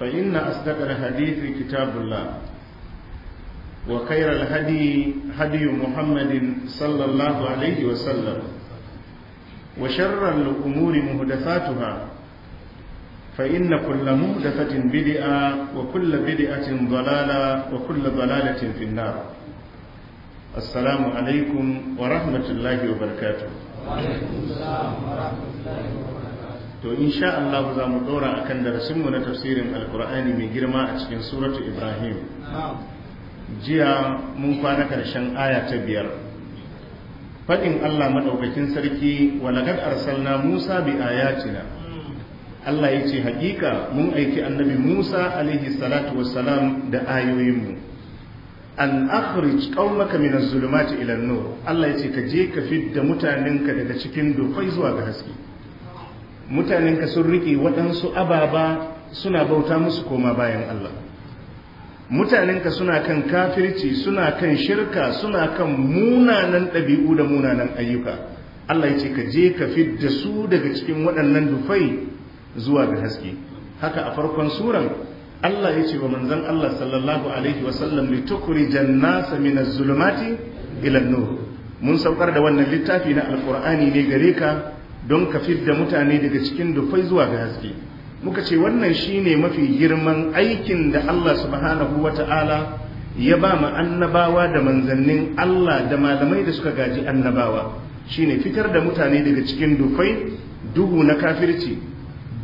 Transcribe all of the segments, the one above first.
فإن أصدق الحديث كتاب الله وخير الهدي هدي محمد صلى الله عليه وسلم وشر الأمور مهدفاتها فإن كل مهدفة بدئة وكل بدئة ضلالة وكل ضلالة في النار السلام عليكم ورحمة الله وبركاته وعليكم السلام ورحمة الله وبركاته to insha Allah za mu dora akan darasin mu na tafsirin alkur'ani mai girma a cikin suratu ibrahim jiya mun kwana karshen aya ta biyar faɗin Allah maɗaukakin sarki walaqad arsalna musa bi ayatina Allah ce hakika mun aiki annabi Musa alaihi salatu wassalam da ayoyinmu an akhrij qaumaka min az-zulumati ila an-nur Allah yace ka je ka fidda mutanenka daga cikin dufai zuwa ga haske mutanenka sun rike waɗansu ababa suna bauta musu koma bayan Allah mutanenka suna kan kafirci suna kan shirka suna kan munanan ɗabi'u da munanan ayyuka Allah ya ce ka je ka fidda su daga cikin waɗannan dufai zuwa ga haske haka a farkon suran Allah ya ce wa manzon Allah sallallahu alaihi wa sallam litukrijan nasa min zulumati ila nur mun saukar da wannan littafi na alqur'ani ne gare ka don ka fidda mutane daga cikin dufai zuwa ga haske muka ce wannan shine mafi girman aikin da Allah subhanahu wata'ala ya ba mu annabawa da manzannin Allah da malamai da suka gaji annabawa shine fitar da mutane daga cikin dufai duhu na kafirci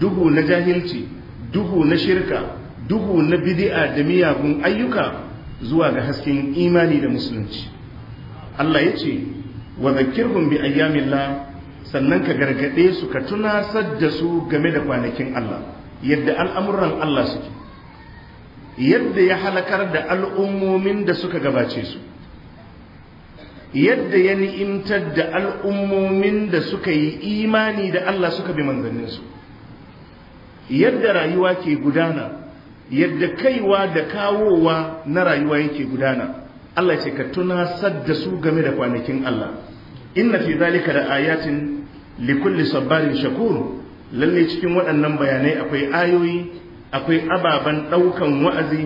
duhu na jahilci duhu na shirka duhu na bidi'a da miyagun ayyuka zuwa ga hasken imani da musulunci Allah ya ce wa bi ayyamillah sannan ka gargaɗe su ka tunasar da su game da kwanakin Allah yadda al'amuran Allah suke yadda ya halakar da al'ummomin da suka gabace su yadda ya ni'imtar da al'ummomin da suka yi imani da Allah suka bi manzanninsu yadda rayuwa ke gudana yadda kaiwa da kawowa na rayuwa yake gudana Allah ce ka tunasar da su game da kwanakin Allah inna fi zalika da ayatin likulli sabbarin shakur lalle cikin waɗannan bayanai akwai ayoyi akwai ababen ɗaukan wa'azi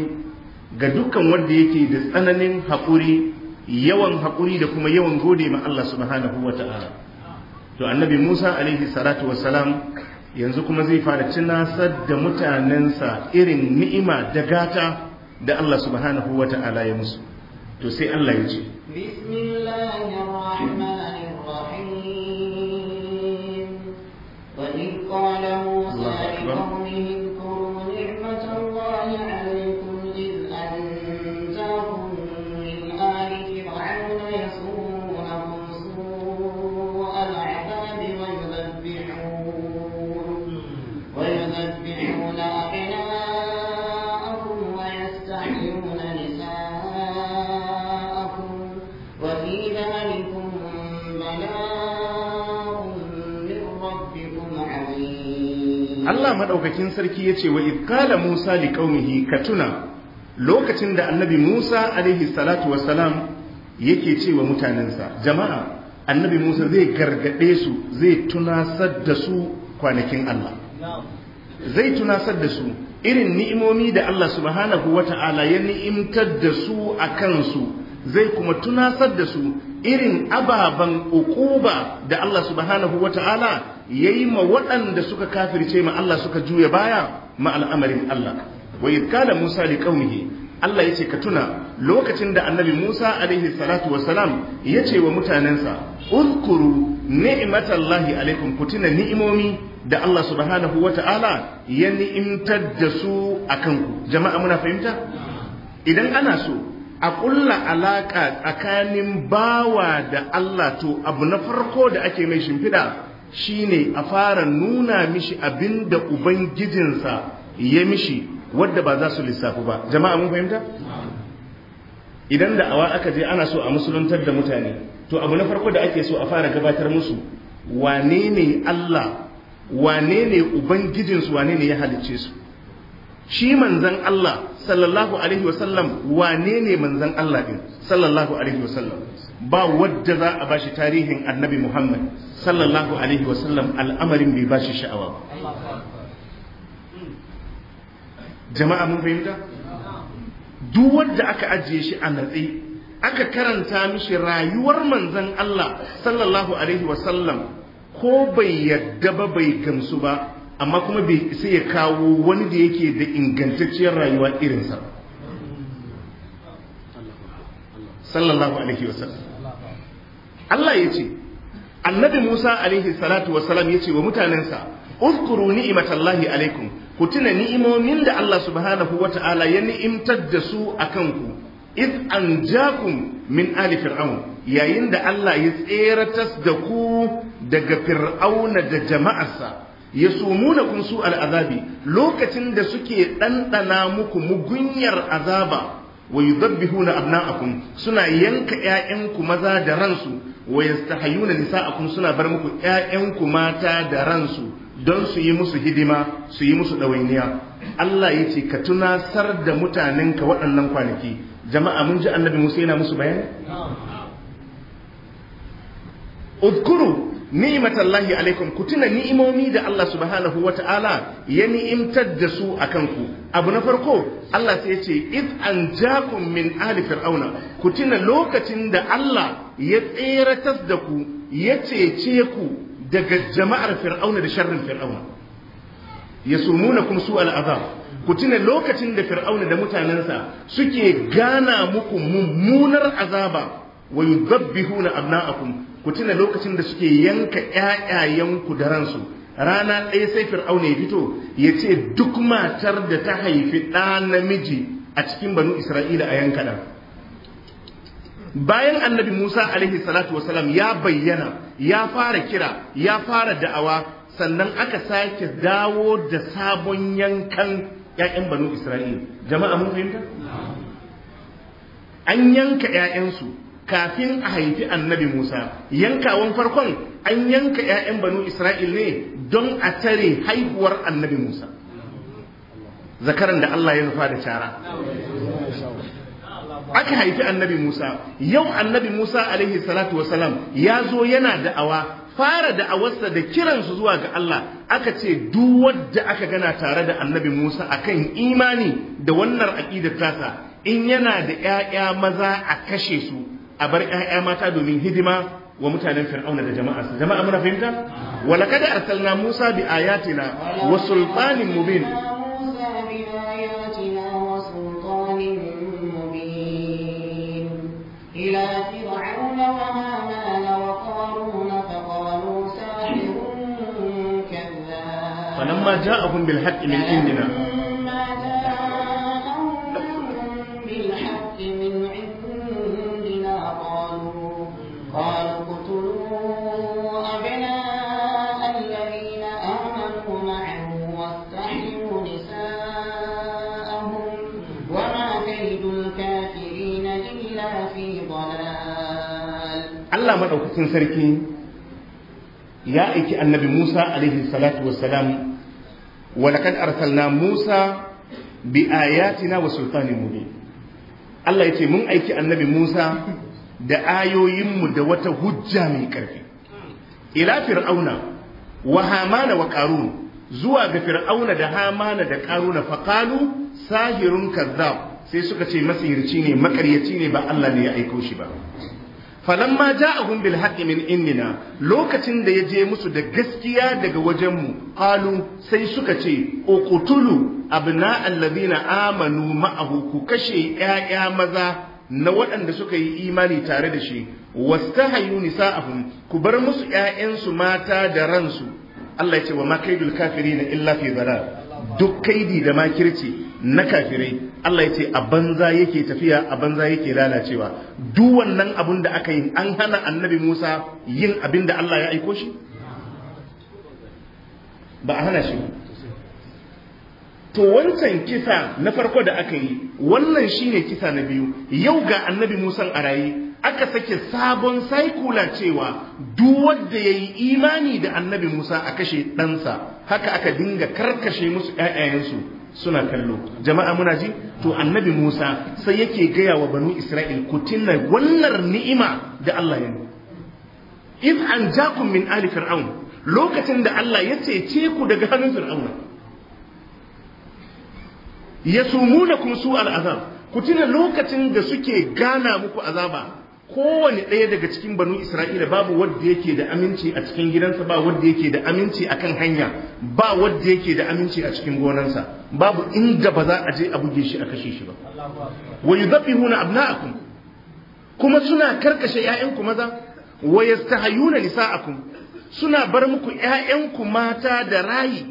ga dukkan wanda yake da tsananin haƙuri yawan haƙuri da kuma yawan gode ma Allah subhanahu wa ta'ala to annabi Musa alaihi salatu wassalam yanzu kuma zai fara tunasar da mutanensa irin ni'ima da gata da Allah subhanahu wa ta'ala ya musu to sai Allah ya ce bismillahir rahmanir Oui. madaukakin sarki yace wa idqala musa musa liqaumihi katuna lokacin da annabi musa alaihi salatu wassalam yake cewa mutanensa jama'a annabi musa zai gargade su zai tunasar da su kwanakin Allah zai tunasar da su irin ni'imomi da Allah subhanahu wata'ala ya ni'imtar da su a kansu zai kuma tunasar da su irin ababen ukuba da Allah subhanahu ya yayi ma waɗanda suka kafirce ma Allah suka juya baya ma al'amarin Allah wa idkala Musa li qaumihi Allah ce ka tuna lokacin da Annabi Musa alaihi salatu ya ce wa mutanensa uzkuru ni'imatallahi alaikum tuna ni'imomi da Allah subhanahu ya ni'imtar da su a kanku. jama'a muna fahimta idan ana so a ƙulla alaƙa tsakanin bawa da Allah to abu na farko da ake mai shimfiɗa shine a fara nuna mishi abin da ubangijinsa ya mishi wadda ba za su lissafi ba jama'a mun fahimta idan da awa aka je ana so a musuluntar da mutane to abu na farko da ake so a fara gabatar musu wane ne Allah wane ne ubangijinsu wane ne ya halicce su shi manzan Allah sallallahu alaihi wasallam wane ne manzan Allah din sallallahu alaihi wasallam ba wadda za a bashi tarihin annabi Muhammad sallallahu alaihi wasallam al'amarin bai bashi sha'awa ba jama'a mun fahimta duk wadda aka ajiye shi a natsi aka karanta mishi rayuwar manzan Allah sallallahu alaihi wasallam ko bai yadda ba bai gamsu ba amma kuma bai sai ya kawo wani da yake da ingantacciyar rayuwa irinsa sallallahu alaihi wasallam Allah ya ce annabi Musa alaihi salatu wasallam ya ce wa mutanensa uzkuru ni'imatallahi alaikum ku tuna ni'imomin da Allah subhanahu wata'ala ya ni'imtar da su a kanku id an min ali fir'aun yayin da Allah ya tseratas da ku daga fir'auna da jama'arsa kun su al'azabi lokacin da suke ɗanɗana muku mugunyar azaba wa abna abna'akum suna yanka 'ya'yanku maza da ransu wa nisa akun suna bar muku 'ya'yanku mata da ransu don su yi musu hidima su yi musu ɗawainiya Allah ya ce ka tunasar da mutanenka waɗannan kwanaki jama'a mun ji annabi Musa yana musu bayani ni'matallahi alaikum ku tuna ni'imomi da Allah subhanahu wata'ala ya ni'imtar da su a kanku abu na farko Allah sai ce id an jakum min ali fir'auna ku tuna lokacin da Allah ya tseratar da ku ya cece ku daga jama'ar fir'auna da sharrin fir'auna yasumunakum su azab ku tuna lokacin da fir'auna da mutanensa suke gana muku mummunar azaba wa yudabbihuna abna'akum ku tuna lokacin da suke yanka ku da ransu rana ɗaya sai fir'auna ya fito ya ce duk matar da ta haifi ɗa namiji a cikin banu isra'ila a yanka ɗan bayan annabi musa alaihi salatu wasalam ya bayyana ya fara kira ya fara da'awa sannan aka sake dawo da sabon yankan ƴaƴan banu isra'ila jama'a mun fahimta an yanka ƴaƴansu kafin a haifi annabi Musa yankawan farkon an yanka 'ya'yan banu Isra'il ne don a tare haihuwar annabi Musa zakaran da Allah ya zafa da cara aka haifi annabi Musa yau annabi Musa alaihi salatu wasalam ya zo yana da'awa fara da'awarsa da kiransu zuwa ga Allah aka ce duk wadda aka gana tare da annabi Musa akan imani da wannan aƙidar tasa in yana da 'ya'ya maza a kashe su a bar ƴaƴa mata domin hidima wa mutanen fir'auna da jama'a jama'a muna fahimta wa laqad arsalna musa bi ayatina wa sultanin mubin إلى فرعون وهامان فلما جاءهم بالحق من عندنا Allah maɗaukakin sarki ya aiki annabi Musa alaihi salatu wassalam walakad arsalna Musa bi ayatina wa sultanin mubin Allah ya ce mun aiki annabi Musa da ayoyinmu da wata hujja mai ƙarfi ila fir'auna wa hamana wa qarun zuwa ga fir'auna da hamana da qaruna faqalu sahirun kazzab sai suka ce masirci ne makaryaci ne ba Allah ne ya aiko shi ba falamma ja'ahum bil haqqi min indina lokacin da ya je musu da gaskiya daga wajen mu qalu sai suka ce uqtulu abna alladhina amanu ma'ahu ku kashe ƴaƴa maza na waɗanda suka yi imani tare da shi wastahayu nisa'ahum ku bar musu ƴaƴansu mata da ransu Allah ya ce wa ma kaidul kafirina illa fi dhalal duk kaidi da makirci na kafirai Allah ya ce a banza yake tafiya a banza yake lalacewa duk wannan abin da aka yi an hana annabi Musa yin abin da Allah ya aiko shi ba a hana shi to wancan kisa na farko da aka yi wannan shine kisa na biyu yau ga annabi Musa a raye aka sake sabon saikula cewa duk wanda yayi imani da annabi Musa a kashe ɗansa haka aka dinga karkashe musu ƴaƴayensu suna kallo jama'a muna ji to annabi Musa sai yake gaya wa banu Isra'il ku tinna wannan ni'ima da Allah ya yi in an jakum min ali fir'aun lokacin da Allah ya cece ku daga hannun fir'auna yasumunakum su azab ku tuna lokacin da suke gana muku azaba kowane ɗaya daga cikin banu isra'ila babu wadda yake da aminci a cikin gidansa ba wadda yake da aminci a kan hanya ba wadda yake da aminci a cikin gonansa babu inda ba za a je a buge shi a kashe shi ba wa yuzabbihuna abna'akum kuma suna karkashe 'ya'yanku maza wa yastahayuna nisa'akum suna bar muku 'ya'yanku mata da rayi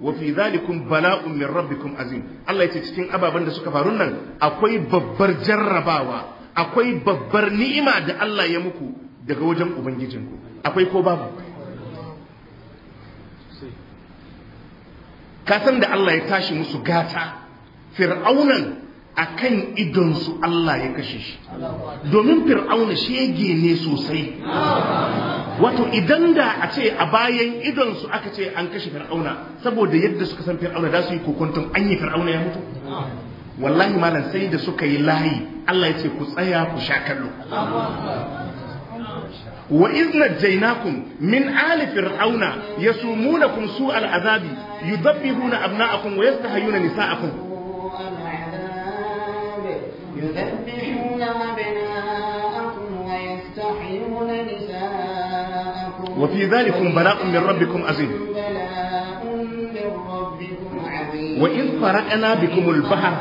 wa fi zalikum bala'un min rabbikum azim Allah ya ce cikin ababen da suka faru nan akwai babbar jarrabawa akwai babbar ni'ima da Allah ya muku daga wajen ubangijinku akwai ko babu kasan da Allah ya tashi musu gata fir'aunan a kan idonsu Allah ya kashe shi domin fir'auna shege ne sosai wato idan da a ce a bayan idonsu aka ce an kashe fir'auna saboda yadda suka san fir'auna da su yi kokonton an yi fir'auna ya mutu wallahi malam sai da suka yi layi Allah ya ce ku tsaya ku sha kallo wa izna jainakum min ali fir'auna yasumunakum su al'azabi yudabbihuna abna'akum wa yastahayuna nisa'akum وفي ذلكم بلاء من ربكم عظيم وإذ فرقنا بكم البحر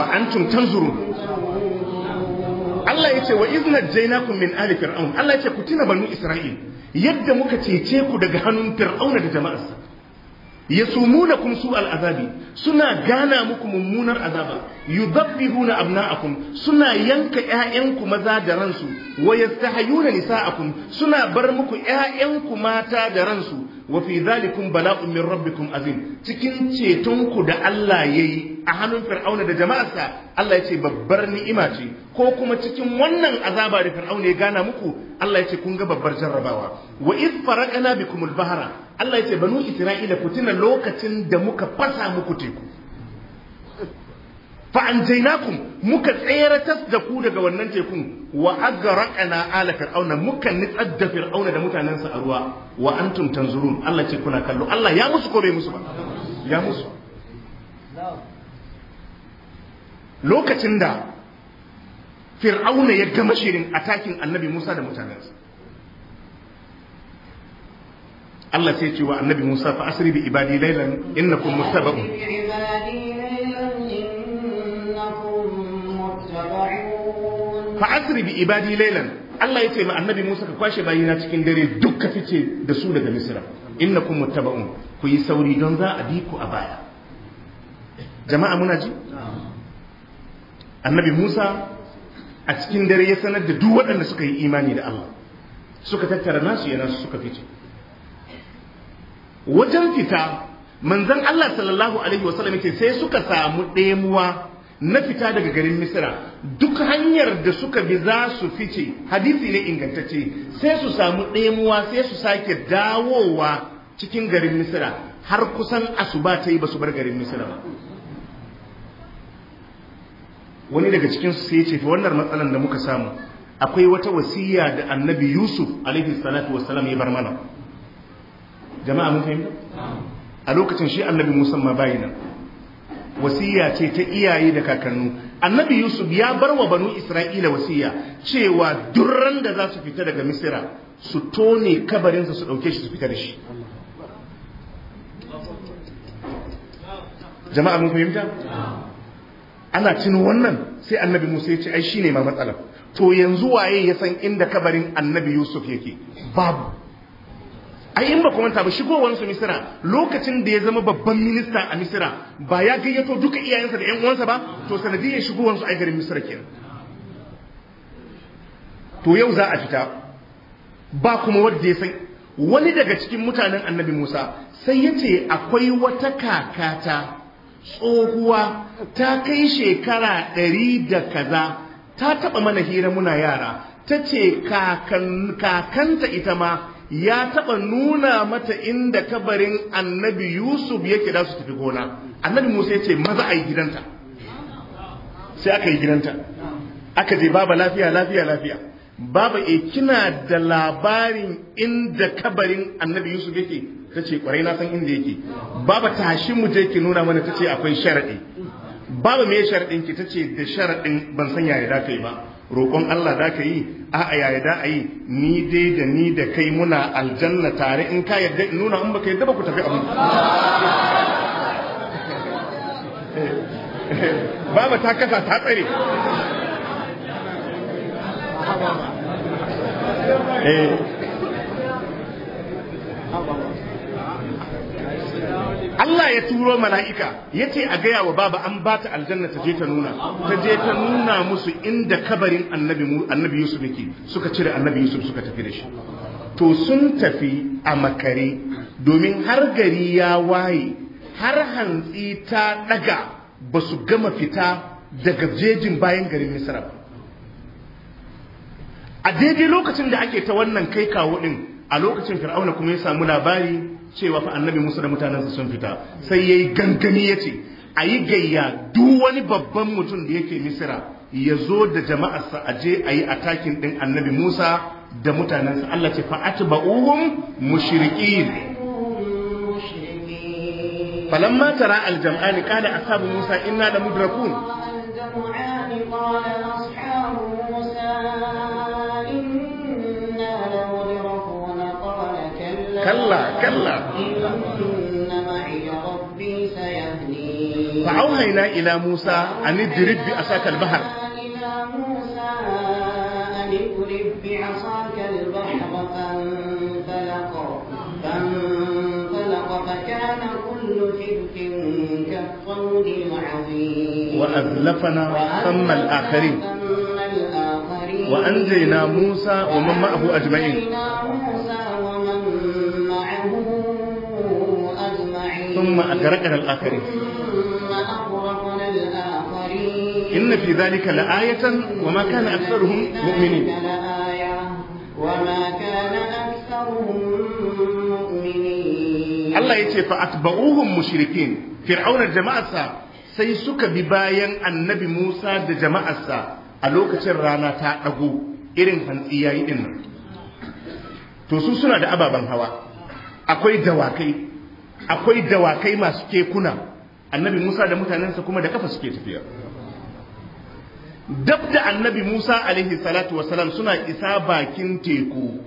wa antum Allah ya ce wa izna jainakum min ali fir'aun Allah ya ce ku tuna banu isra'il yadda muka cece ku daga hannun fir'auna da jama'arsa yasumunakum su al'azabi suna gana muku mummunar azaba yudabbihuna abna'akum suna yanka ƴaƴanku maza da ransu wa yastahayuna nisa'akum suna bar muku ƴaƴanku mata da ransu wa fi zalikum bala'un min rabbikum azim cikin ceton ku da Allah yayi a hannun fir'auna da jama'arsa Allah ya ce babbar ni'ima ce ko kuma cikin wannan azaba da fir'auna ya gana muku Allah ya ce kun ga babbar jarrabawa wa id faraqna bikumul bahra Allah ya ce banu isra'ila ku tuna lokacin da muka fasa muku teku fa'anjainakum muka tseratas da ku daga wannan tekun wa agraqana ala fir'auna muka nitsar da fir'auna da mutanensa a ruwa wa antum tanzurun Allah ce kuna kallo Allah ya musu ko bai musu ba ya musu lokacin da fir'auna ya gama shirin atakin annabi Musa da mutanensa Allah sai ce wa annabi Musa fa asri bi ibadi laylan innakum muttaba'un fa asri bi ibadi laylan Allah ya ce ma annabi Musa ka kwashe bayina cikin dare duk ka fice da su daga Misra innakum muttaba'un ku yi sauri don za a bi ku a baya jama'a muna ji annabi Musa a cikin dare ya sanar da duk waɗanda suka yi imani da Allah suka tattara nasu ya nasu suka fice wajen fita manzon Allah sallallahu alaihi wasallam ce sai suka samu ɗemuwa na fita daga garin misira duk hanyar da suka bi za su fice hadisi ne ingantacce sai su samu ɗemuwa sai su sake dawowa cikin garin misira har kusan asuba ta yi ba su bar garin misira ba wani daga cikin su sai ce fa wannan matsalan da muka samu akwai wata wasiya da annabi yusuf alaihi salatu wasalam ya bar mana jama'a mun fahimta a lokacin shi annabi musamman bayi nan wasiya ce ta iyaye da kakannu annabi yusuf ya bar wa banu isra'ila wasiya cewa durran da za su fita daga misira su tone kabarinsa su ɗauke shi su fita da shi jama'a mun fahimta ana cin wannan sai annabi musa ya ce ai shine ma matsalar to yanzu waye ya san inda kabarin annabi yusuf yake babu ai in ba ku manta ba su misira lokacin da ya zama babban minista a misira ba ya gayyato duka iyayensa da yan uwansa ba to sanadiyar shigowansu ai garin misira kenan to yau za a fita ba kuma wadda ya san wani daga cikin mutanen annabi musa sai ya ce akwai wata kakata tsohuwa ta kai shekara ɗari da kaza ta taɓa mana hira muna yara ta ce kakanta ita ma ya taba nuna mata inda kabarin annabi yusuf yake da su tafi gona annabi musa ya ce maza a yi gidanta sai aka yi gidanta aka je baba lafiya lafiya lafiya baba e kina da labarin inda kabarin annabi yusuf yake ta ce kwarai na san inda yake baba hashi mu je ki nuna mana ta ce akwai sharaɗi baba me sharaɗin ki ta ce da sharaɗin ban sanya yaya da yi ba roƙon Allah da ka yi a'a yaya da a yi ni dai da ni da kai muna aljanna tare in ka yadda in nuna in baka yadda ba ku tafi abin baba ta kasa ta tsare eh Allah ya turo mala'ika ya ce a gaya wa baba an ba ta aljanna ta je ta nuna ta je ta nuna musu inda kabarin annabi Yusuf yake suka cire annabi Yusuf suka tafi da shi to sun tafi a makare domin har gari ya waye har hantsi ta daga ba su gama fita daga jejin bayan garin Misra a daidai lokacin da ake ta wannan kai kawo ɗin, a lokacin fir'auna kuma ya samu labari cewa fa annabi Musa da mutanensa sun fita sai yayi gangami yace ayi gayya duk wani babban mutum da yake Misira ya zo da jama'arsa a je ayi takin din annabi Musa da sa Allah ce fa atba'uhum mushrikin فلما ترى الجمعان قال أصحاب موسى إنا لمدركون قال فأوحينا إلى موسى أن اضرب بعصاك البحر وأذلفنا بعصاك البحر فكان كل كالطود العظيم ثم الآخرين وأنجينا موسى ومن معه أجمعين ثم أغرقنا الآخرين inna fi dhalika la'ayatan wa ma kana aktharuhum mu'minin Allah ya ce fa mushirikin, mushrikin fir'auna jama'arsa sai suka bi bayan annabi Musa da jama'arsa a lokacin rana ta ɗagu. irin hantsi yayi din nan suna da ababen hawa akwai dawakai akwai dawakai masu kekuna annabi Musa da mutanensa kuma da ƙafa suke tafiya dab da annabi Musa alaihi salatu wasalam suna isa bakin teku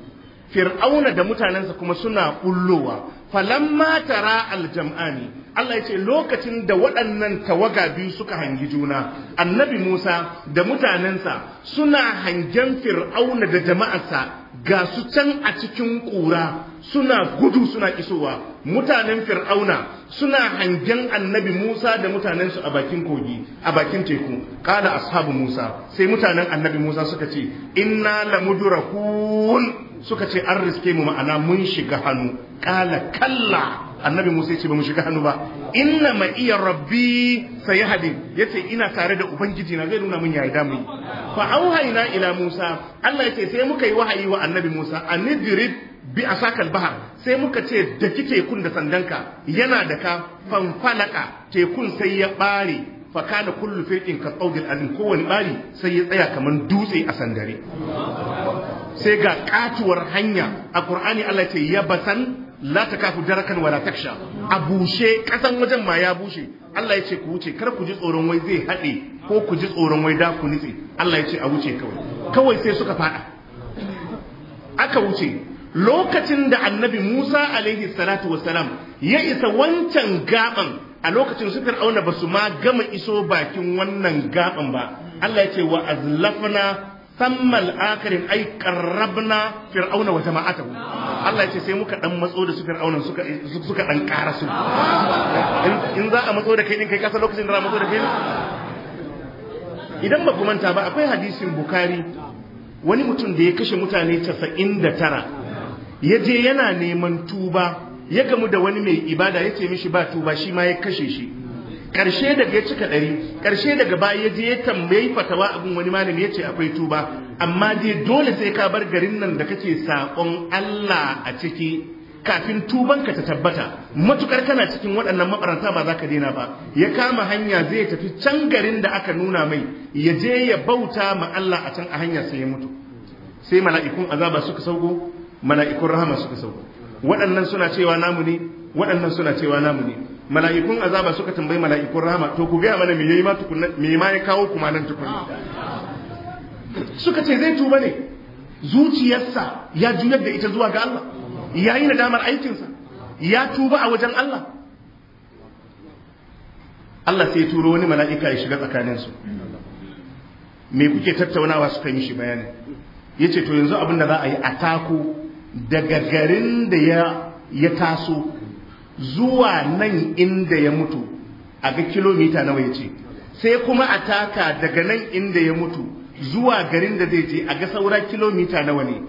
fir'auna da mutanensa kuma suna kullowa falamma tara aljam'ani Allah yace lokacin da waɗannan tawaga biyu suka hangi juna annabi Musa da mutanensa suna hangen fir'auna da jama'arsa ga su can a cikin ƙura suna gudu suna isowa mutanen fir'auna suna hangen annabi musa da mutanensu a bakin kogi a bakin teku kala ashabu musa sai mutanen annabi musa suka ce inna lamudrakun suka ce an riske mu ma'ana mun shiga hannu kala kalla annabi musa ya ce ba mu shiga hannu ba inna ma iya rabbi hadi yace ina tare da ubangiji na zai nuna mun yayi damu fa auhayna ila Musa Allah yace sai muka yi wahayi wa annabi Musa anidrib bi asakal bahar sai muka ce da tekun da sandanka yana da ka fanfalaka tekun sai ya bare fa kana kullu fiqin ka tawdil azim kowani bari sai ya tsaya kaman dutse a sandare sai ga katuwar hanya a Qur'ani Allah ce yabasan la kafu darakan wala taksha a bushe kasan wajen ma ya bushe Allah ya ce ku wuce kar ku ji tsoron wai zai haɗe ko ku ji tsoron wai da ku nitse Allah ya ce a wuce kawai kawai sai suka faɗa. aka wuce lokacin da annabi Musa alaihi salatu wassalam ya isa wancan gaban a lokacin su fir'auna basu ma gama iso bakin wannan gaban ba Allah ya ce wa azlafna sammal akirin ai karabna fir'auna wa jama'atahu Allah ce sai muka dan matso da su fir'auna suka suka dan ƙara su in za a matso da kai din kai kasa lokacin da za a matso da kai idan ba ku manta ba akwai hadisin bukari wani mutum da ya kashe mutane 99 ya je yana neman tuba ya gamu da wani mai ibada ya ce mishi ba tuba shi ma ya kashe shi karshe daga ya cika ɗari karshe daga baya ya je ya tambayi fatawa abin wani malami ya ce akwai tuba amma dai dole sai ka bar garin nan da kake saƙon Allah a ciki kafin tuban ka ta tabbata matukar kana cikin waɗannan mabaranta ba za ka daina ba ya kama hanya zai tafi can garin da aka nuna mai ya je ya bauta ma Allah a can a hanya sai ya mutu sai mala'ikun azaba suka sauko mala'ikun rahama suka sauko waɗannan suna cewa namu ne waɗannan suna cewa namu ne mala'ikun azaba suka tambayi mala'ikun rahama to ku gaya mana me yayi ma tukunna me ma ya kawo kuma nan tukunna suka ce zai tuba ne zuciyarsa ya juyar da ita zuwa ga Allah ya yi aikin aikinsa ya tuba a wajen Allah Allah sai turo wani mala'ika ya shiga su me kuke tattaunawa suka yi shi bayani ya ce to yanzu abin da za a yi a tako daga garin da ya taso zuwa nan inda ya mutu a ga kilomita nawa ya ce sai kuma a taka daga nan inda ya mutu zuwa garin da zai je a ga saura kilomita nawa ne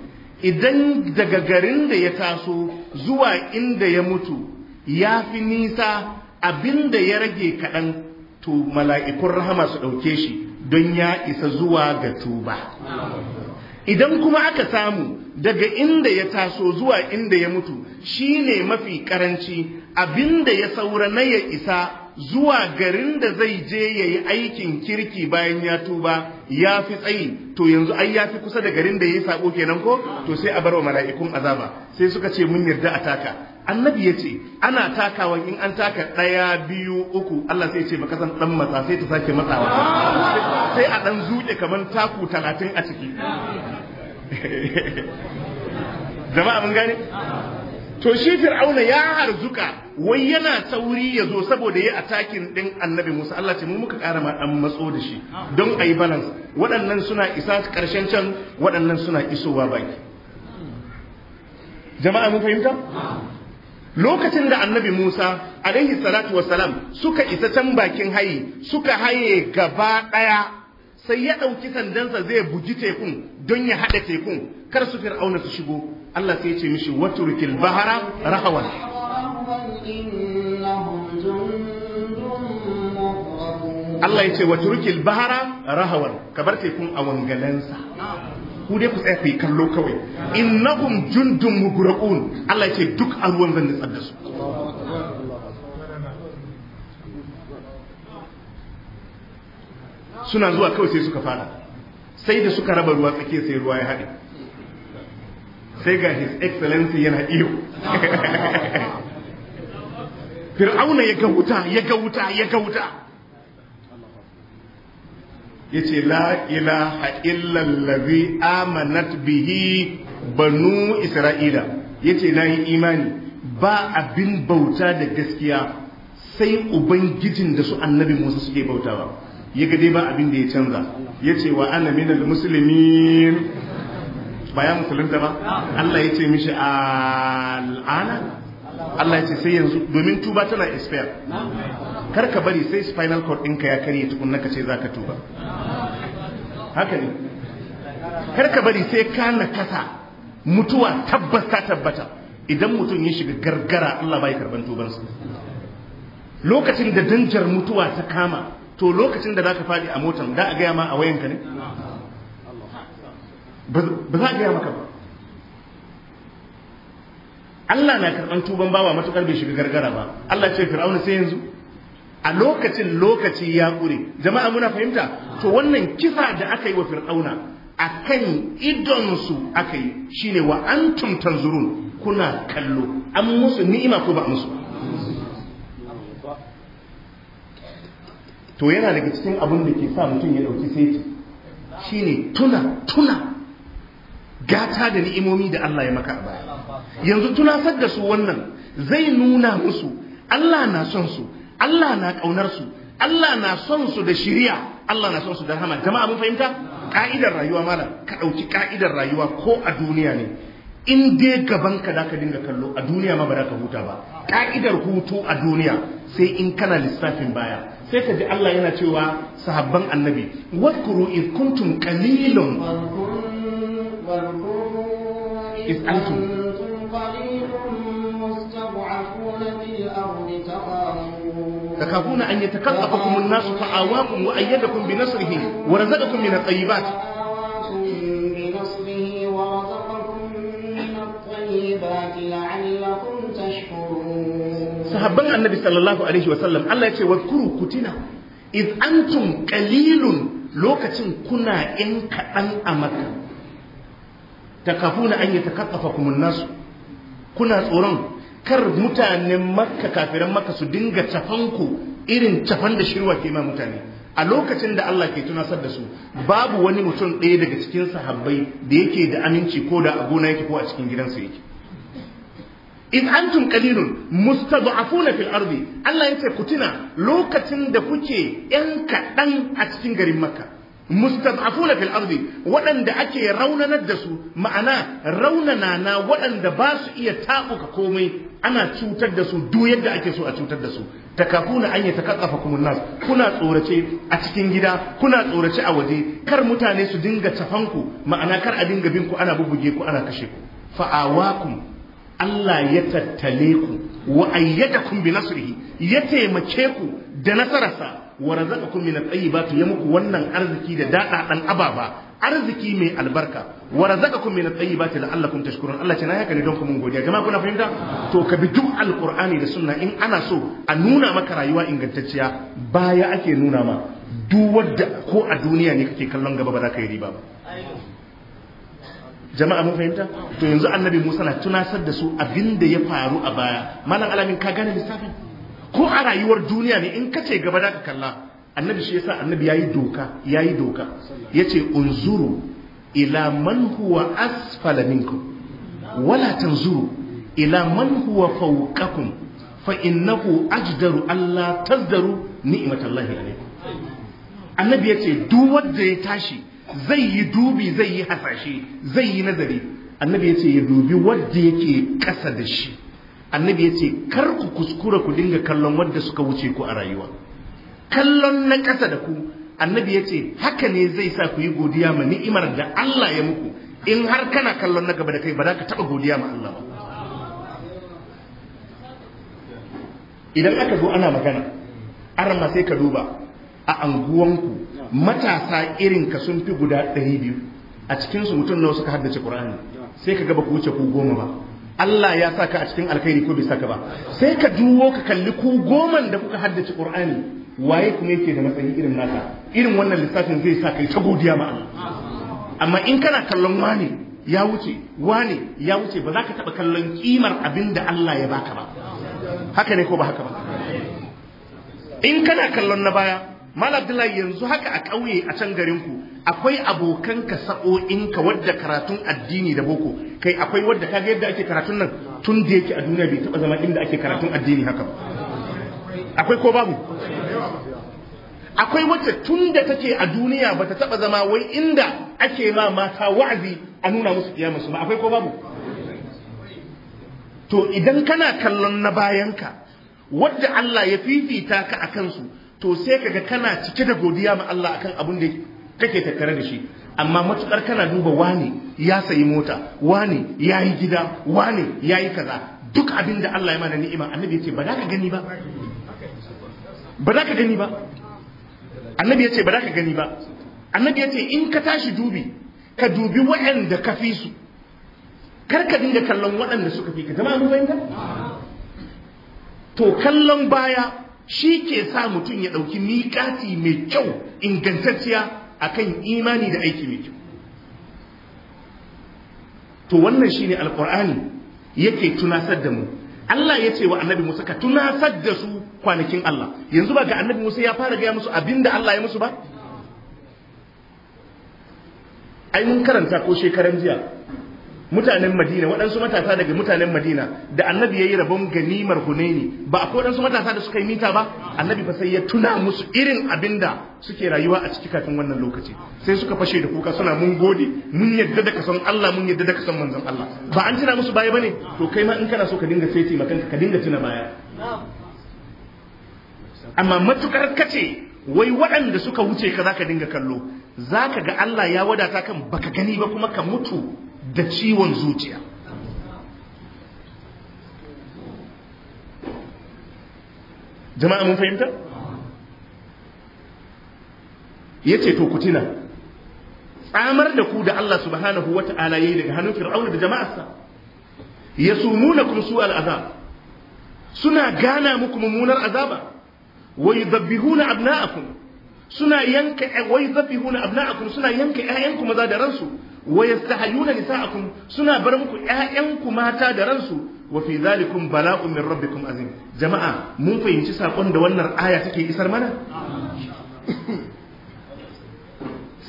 idan daga garin da ya taso zuwa inda ya mutu ya fi nisa abinda ya rage kaɗan to mala'ikun rahama su ɗauke shi don ya isa zuwa ga tuba idan kuma aka samu daga inda ya taso zuwa inda ya mutu shi ne mafi karanci abinda ya saura na ya isa zuwa garin da zai je ya yi aikin kirki bayan ya tuba ya fi tsayi to yanzu ai ya fi kusa da garin da ya yi sako kenan ko to sai a bar wa mala'ikun azaba sai suka ce mun yarda a taka annabi ya ce ana takawa in an taka ɗaya biyu uku Allah sai ce baka san dan matsa sai ta sake matsawa sai a dan zuke kamar taku talatin a ciki jama'a mun gane to shi fir'auna ya harzuka wai yana tsauri ya zo saboda yayi attacking din annabi musa allah ce mu muka kara ma dan matso da shi don a yi balance waɗannan suna isa ƙarshen can waɗannan suna isowa baki jama'a mun fahimta lokacin da annabi musa alaihi salatu wassalam suka isa can bakin hayi suka haye gaba ɗaya sai ya ɗauki sandansa zai buji tekun don ya haɗa tekun kar su fir'auna su shigo Allah sai ya ce mishi waturkil bahara rahawan Allah ya ce waturkil bahara rahawan ka bar tekun a wangalansa ku dai ku tsaya ku yi kallo kawai innahum jundun mugraqun Allah ya ce duk ruwan zan tsaddasu suna zuwa kawai sai suka fara sai da suka raba ruwa tsakiya sai ruwa ya haɗe sai ga his excellency yana iyo fir'auna ya ga wuta ya ga wuta ya ga wuta ya ce la ilaha illallazi amanat bihi banu isra'ila ya ce na yi imani ba abin bauta da gaskiya sai ubangijin da su annabi musa suke bautawa ya gade ba abin da ya canza ya ce wa ana minal musulmin ba ya musulunta ba Allah ya ce mishi al'ana Allah ya ce sai yanzu domin tuba tana expire kar ka bari sai spinal cord ɗinka ya karye tukun ka ce za ka tuba haka ne kar ka bari sai ka kasa mutuwa tabbas ta tabbata idan mutum ya shiga gargara Allah bai karban tubansu. lokacin da danjar mutuwa ta kama to lokacin da zaka fadi a motar da a gaya ma a wayanka ne ba za a gaya maka ba Allah na karɓar tuban bawa matuƙar bai shiga gargara ba Allah ce fir'auna sai yanzu a lokacin lokaci ya ƙure jama'a muna fahimta to wannan kisa da aka yi wa fir'auna a kan idonsu aka yi shine wa antum tanzurun kuna kallo an musu ni'ima ko ba musu to yana daga cikin abin da ke sa mutum ya dauki saiti shine tuna tuna gata da ni'imomi da Allah ya maka a baya yanzu tunasar da su wannan zai nuna musu Allah na son su Allah na kaunar su Allah na son su da shiriya Allah na son su da rahama jama'a mun fahimta ka'idar rayuwa mana ka dauki ka'idar rayuwa ko a duniya ne in dai gaban ka zaka dinga kallo a duniya ma ba ka huta ba ka'idar hutu a duniya sai in kana lissafin baya sai ka ji Allah yana cewa sahabban annabi wadkuru iz kuntum qalilun iz antum تخافون أن يتكلفكم الناس فآواكم وأيدكم بنصره ورزقكم من الطيبات sahabban annabi sallallahu alaihi wa sallam Allah ya ce wa kuru kutina iz antum qalilun lokacin kuna in kaɗan a makka takafuna an yatakaffafakum an-nas kuna tsoron kar mutanen makka kafiran makka su dinga tafanku irin tafan da shirwa ke ma mutane a lokacin da Allah ke tunasar da su babu wani mutum ɗaya daga cikin sahabbai da yake da aminci ko da a gona yake ko a cikin gidansa yake in antum qalilun mustad'afuna fil ardi Allah yace ku tuna lokacin da kuke yan kadan a cikin garin Makka mustad'afuna fil ardi waɗanda ake raunanar da su ma'ana raunana na waɗanda ba su iya ka komai ana cutar da su duk yadda ake so a cutar da su takafuna an yatakaffa kumun nas kuna tsorace a cikin gida kuna tsorace a waje kar mutane su dinga tafanku ma'ana kar a dinga binku ana bubbuge ku ana kashe ku fa'awakum Allah ya tattale ku wa ayyadakum bi nasrihi ya taimake ku da nasararsa wa razaqakum min at ya muku wannan arziki da dada dan ababa arziki mai albarka wa razaqakum min at-tayyibat la'allakum tashkurun Allah ce na haka ne don ku mun godiya jama'a kuna fahimta to ka bi duk alqur'ani da sunna in ana so a nuna maka rayuwa ingantacciya baya ake nuna ma duk wadda ko a duniya ne kake kallon gaba ba za ka yi riba ba jama'a mun fahimta to yanzu annabi musa na tunasar da su abin da ya faru a baya malam alamin ka gane lissafin ko a rayuwar duniya ne in ka ce gaba da kalla annabi shi yasa annabi yayi doka yayi doka yace unzuru ila man huwa asfala minkum wala tanzuru ila man huwa fawqakum fa innahu ajdaru alla tazdaru ni'matallahi alaykum annabi yace duk wanda ya tashi zai yi dubi zai yi hasashe zai yi nazari annabi ya ce ya dubi wadda yake ƙasa da shi annabi ya ce kar ku kuskura ku dinga kallon wadda suka wuce ku a rayuwa kallon na ƙasa da ku annabi ya ce haka ne zai sa ku yi godiya ma ni'imar da Allah ya muku in har kana kallon na gaba da kai ba za ka taɓa godiya ma Allah ba idan aka zo ana magana arma sai ka duba a anguwanku matasa irin ka sun fi guda 200 a cikin su mutum nawa suka haddace Qur'ani sai ka ga ku wuce ku goma ba Allah ya saka a cikin alkhairi ko bai saka ba sai ka duwo ka kalli ku goman da kuka haddace Qur'ani waye kuma yake da matsayi irin naka irin wannan lissafin zai sa kai ta godiya ma amma in kana kallon wani ya wuce wane ya wuce ba za ka taɓa kallon ƙimar abin da Allah ya baka ba haka ne ko ba haka ba in kana kallon na baya malabdullahi yanzu haka a ƙauye a can garinku akwai abokanka sa'o'inka wadda karatun addini da boko kai akwai wadda kaga yadda ake karatun nan tun da yake a duniya bai taɓa zama inda ake karatun addini haka ba akwai ko babu akwai wacce tun da take a duniya ba ta taɓa zama wai inda ake ma mata wa'azi a nuna musu su ba akwai ko babu to idan kana kallon na bayanka wadda Allah ya fifita ka a kansu to sai kaga kana cike da godiya ma Allah akan abin da kake tattare da shi amma matukar kana duba wani ya sayi mota wani ya yi gida wani ya yi kaza duk abin da Allah ya mana ni'ima annabi ya ce ba za ka gani ba ba za ka gani ba annabi ya ce ba za ka gani ba annabi ya ce in ka tashi dubi ka dubi waɗanda ka fi su kar ka dinga kallon waɗanda suka fi ka jama'a mun fahimta to kallon baya shi ke sa mutum ya ɗauki miƙati mai kyau ingantacciya a kan imani da aiki mai kyau to wannan shi ne Alƙur'ani yake tunasar da mu Allah ya ce wa annabi Musa ka tunasar da su kwanakin Allah yanzu ba ga annabi Musa ya fara gaya musu abinda Allah ya musu ba ai mun karanta ko shekaran jiya mutanen Madina waɗansu matasa daga mutanen Madina da annabi ya yi rabon ganimar Hunaini ba akwai waɗansu matasa da suka yi mita ba annabi ba sai ya tuna musu irin abin da suke rayuwa a ciki kafin wannan lokaci sai suka fashe da kuka suna mun gode mun yadda da kasan Allah mun yadda da kasan manzon Allah ba an tuna musu baya bane to kai ma in kana so ka dinga saiti makanka ka dinga tuna baya amma matukar kace wai waɗanda suka wuce ka zaka dinga kallo zaka ga Allah ya wadata kan baka gani ba kuma ka mutu da ciwon zuciya jama'a mun fahimta ya ce to kutina tsamar da ku da Allah subhanahu wa ta'ala ya yi daga hannun fir'auna da jama'arsa ya sumuna kuma su al'azab suna gana muku mummunar azaba wai zabbihuna abna'akum suna yanka wai zabbihuna abna'akum suna yanka ƴaƴanku maza da ransu wa yastahayuna nisa'akum suna bar muku ƴaƴanku mata da ransu wa fi zalikum bala'un min rabbikum azim jama'a mun fahimci sakon da wannan aya take isar mana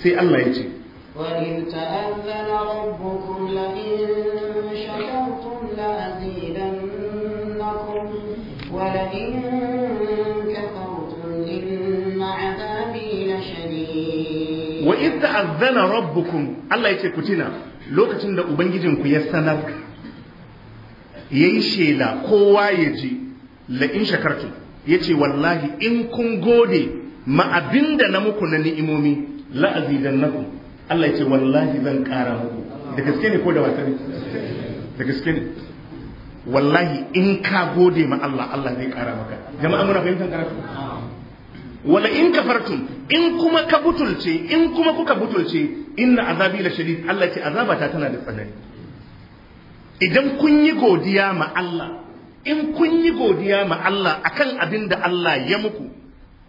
sai Allah ya ce وإن تأذن ربكم لئن شكرتم لأزيدنكم ولئن wa idda azana rabbukum Allah yace ku tina lokacin da ubangijin ku ya sanar yayi shela kowa ya ji la in shakartu yace wallahi in kun gode ma abinda na muku na ni'imomi la azidannakum Allah yace wallahi zan kara muku da gaske ne ko da wasa ne da gaske ne wallahi in ka gode ma Allah Allah zai kara maka jama'a muna fahimtar karatu wala in kafartum in kuma ka butulce in kuma kuka butulce inna azabi la shadid Allah ce azabata tana da tsanani idan kun yi godiya ma Allah in kun yi godiya ma Allah akan abin da Allah ya muku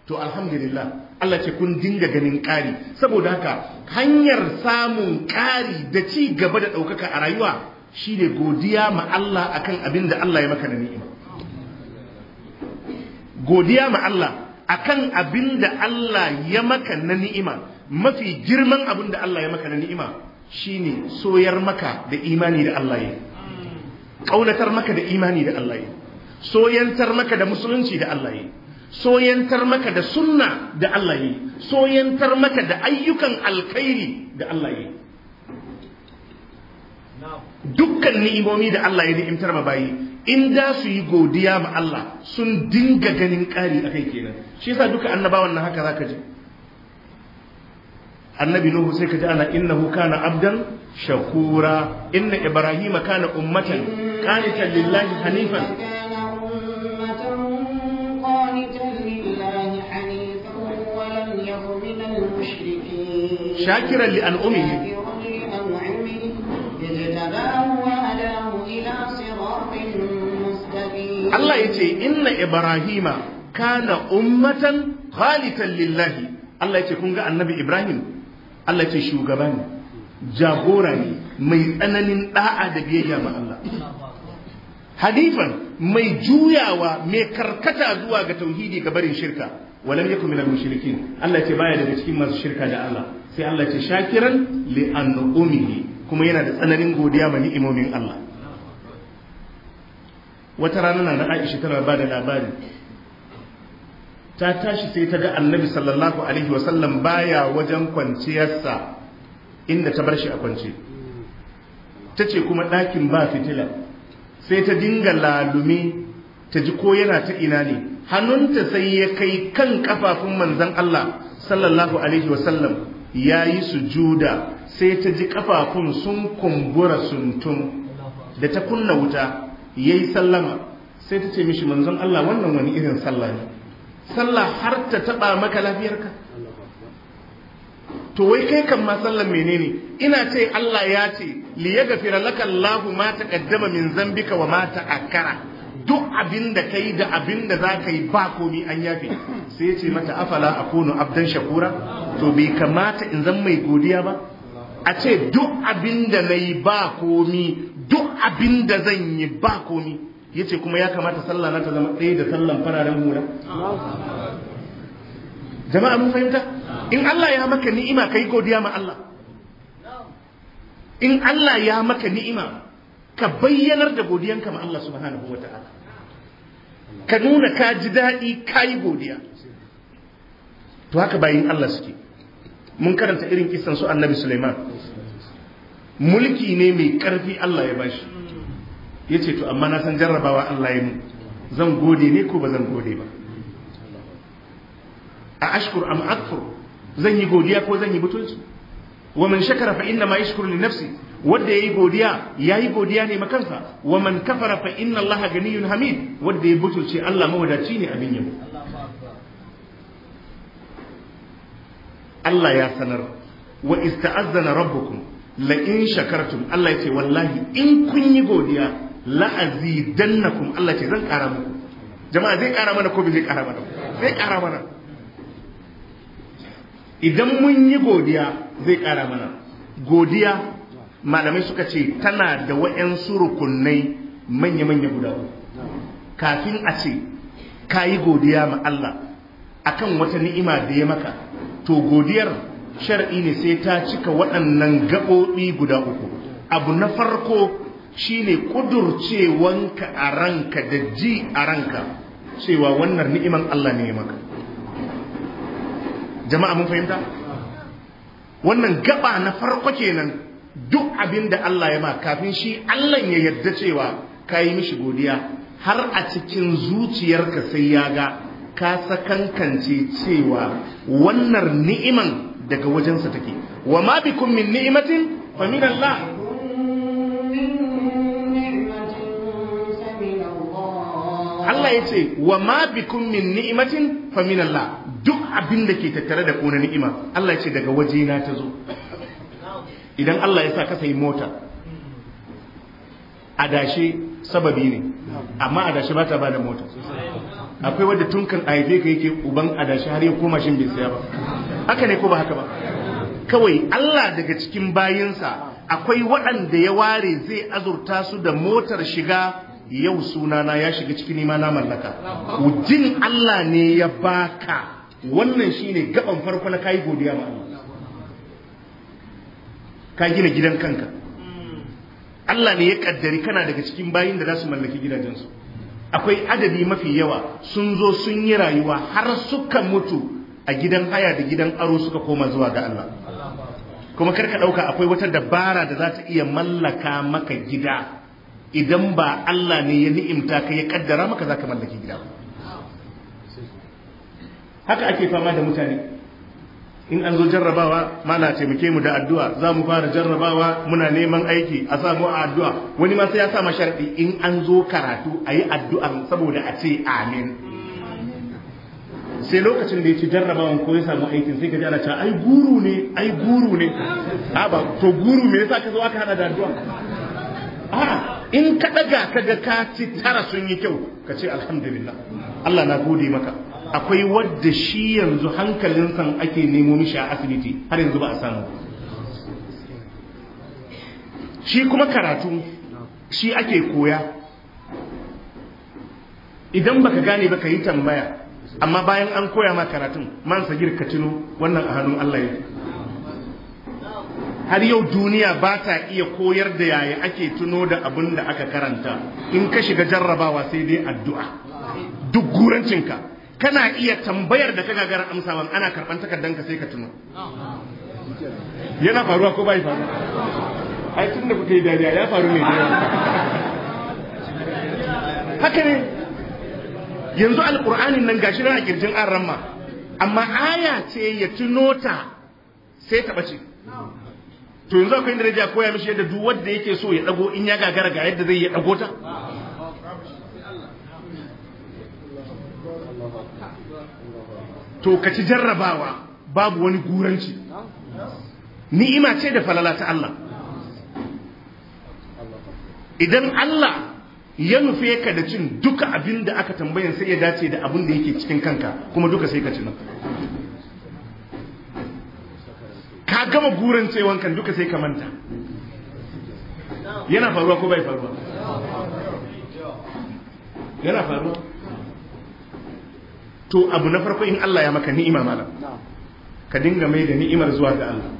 to alhamdulillah Allah ce kun dinga ganin ƙari saboda haka hanyar samun ƙari da ci gaba da ɗaukaka a rayuwa shine godiya ma Allah akan abin da Allah ya maka na ni'ima godiya ma Allah akan abin da Allah ya maka na ni'ima mafi girman abin da Allah ya maka na ni'ima shine soyar maka da imani da Allah ya ƙaunatar maka da imani da Allah ya soyantar maka da musulunci da Allah ya soyantar maka da sunna da Allah ya soyantar maka da ayyukan alkhairi da Allah ya dukkan ni'imomi da Allah ya ni'imtar ma bayi in da su yi godiya ma Allah sun dinga ganin ƙari a kai kenan shi yasa duka annabawan na haka zaka ji annabi nuhu sai ka ji ana innahu kana abdan shakura inna Ibrahim kana ummatan qanitan lillahi hanifan shakiran li an'umihi Allah ya ce inna Ibrahima kana ummatan khalitan lillahi Allah ya ce kun ga annabi Ibrahim Allah ya ce shugaba ne jagora ne mai tsananin da'a da biyayya ma Allah hadifan mai juyawa mai karkata zuwa ga tauhidi ga barin shirka walam yakun minal mushrikin Allah ya ce baya daga cikin masu shirka da Allah sai Allah ya ce shakiran li an'umihi kuma yana da tsananin godiya ma ni'imomin Allah wata rana na Aisha tana ba da labari ta tashi sai ta ga annabi sallallahu alaihi wasallam baya wajen kwanciyarsa inda ta bar shi a kwance ta ce kuma ɗakin ba fitila sai ta dinga lalumi ta ji ko yana ta ina ne hannunta sai ya kai kan kafafun manzan Allah sallallahu alaihi wasallam ya yi sujuda sai ta ji kafafun sun kumbura suntun. da ta kunna wuta yayi sallama sai ta ce mishi manzon Allah wannan wani irin sallah ne sallah har ta taba maka lafiyarka to wai kai kan ma sallan menene ina ce Allah ya ce li yaghfira laka Allah ma taqaddama min zambika wa ma ta'akkara duk abinda da kai da abinda da za ka yi ba komi an yafi. sai ce mata afala akunu abdan shakura to bai kamata in zan mai godiya ba a ce duk abinda da na ba komi duk abin da zan yi ba komi ya ce kuma ya kamata sallah na ta zama ɗaya da sallan fararen hula jama'a mun fahimta in Allah ya maka ni'ima ka yi godiya ma Allah in Allah ya maka ni'ima ka bayyanar da godiyanka ma Allah subhanahu wa ta'ala ka nuna ka ji daɗi ka yi godiya to haka bayin Allah suke mun karanta irin kisan su annabi Sulaiman mulki ne mai karfi Allah ya bashi ya ce to amma na san jarrabawa Allah ya mu zan gode ne ko ba zan gode ba a ashkur am akfur zan yi godiya ko zan yi mutunci wa man shakara fa inna ma yashkuru li nafsi wanda yayi godiya yayi godiya ne makansa wa man kafara fa inna Allah ganiyun hamid wanda ya butulce Allah mawadaci ne abin yabo Allah ya sanar wa ista'azzana rabbukum La'in shakartun Allah ya ce wallahi in kun yi godiya na kuma Allah ya ce zan kara muku jama'a zai kara mana ko zai kara mana zai kara mana idan mun yi godiya zai kara mana godiya malamai suka ce tana da wa'yan surukunnai manya-manya guda kafin a ce ka yi godiya ma Allah akan wata ni'ima da ya maka to godiyar shar'i ne sai ta cika waɗannan gaɓoɓi guda uku abu na farko shine kudurcewanka a ranka da ji a ranka cewa wannan ni'iman Allah ne maka jama'a mun fahimta wannan gaba na farko kenan duk abin da Allah ya ma kafin shi Allah ya yarda cewa ka yi mishi godiya har a cikin zuciyarka sai ya ga ka sakankance cewa wannan ni'iman daga wajensa take wa ma bikum min ni'matin fa min Allah Allah ya ce wa ma bikum min ni'matin fa min Allah duk abin da ke tattare da kona ni'ima Allah ya ce daga wajena ta zo idan Allah ya sa ka sai mota adashe sababi ne amma adashe ba ta ba da mota akwai wadda tun kan ka yake uban adashe har ya koma shin bai saya ba haka ne ko ba haka ba kawai Allah daga cikin bayinsa akwai waɗanda ya ware zai azurta su da motar shiga yau sunana ya shiga cikin imana na mallaka jin Allah ne ya baka wannan shine gaban farko na kayi godiya ma ka gina gidan kanka Allah ne ya kaddari kana daga cikin bayin da za su mallaki gidajensu akwai adadi mafi yawa sun zo sun yi rayuwa har suka mutu a gidan haya da gidan aro suka koma zuwa ga Allah kuma karka ɗauka akwai wata dabara da za ta iya mallaka maka gida idan ba Allah ne ya ni'imta ka ya kaddara maka za ka mallaki gida haka ake fama da mutane in an zo jarrabawa mana taimake mu da addu'a za mu fara jarrabawa muna neman aiki a samu a addu'a wani ma ya sa masharɗi in an zo karatu a yi addu'a saboda a ce amin sai lokacin da ya ci jarrabawan ko ya samu aikin sai ka ji ana cewa ai guru ne ai guru ne a ah, ba to guru me yasa ka zo aka hada da addu'a a ah, in ka daga ka ga ka ci tara sun yi kyau ka ce alhamdulillah Allah na gode maka akwai wadda shi yanzu hankalin san ake nemo mishi a asibiti har yanzu ba a samu shi kuma karatu shi ake koya idan baka gane baka yi tambaya amma bayan an koya ma karatun man sagir ka tuno wannan a hannun Allah yake har yau duniya ba ta iya koyar da yaya ake tuno da abin da aka karanta in ka shiga jarrabawa sai dai addu'a duk gurancinka kana iya tambayar da ka gagara amsawa ana karɓan takardanka sai ka tuno yana faruwa ko bai faruwa ai tun da kuka yi dariya ya faru ne da haka ne yanzu alƙur'anin nan gashi na a kirjin an ramma amma aya ce ya tuno ta sai ta bace to yanzu akwai daraja koya mishi yadda duk wanda yake so ya ɗago in ya gagara ga yadda zai ya dago ta to ka ci jarrabawa babu wani guranci ni'ima ce da falala ta Allah idan Allah ya nufe ka da cin duka abin da aka tambayan sai ya dace da abin da yake cikin kanka kuma duka sai ka ci ka gama guran cewan kan duka sai ka manta yana faruwa ko bai faruwa yana faruwa to abu na farko in Allah ya maka ni'ima mala ka dinga mai da ni'imar zuwa ga Allah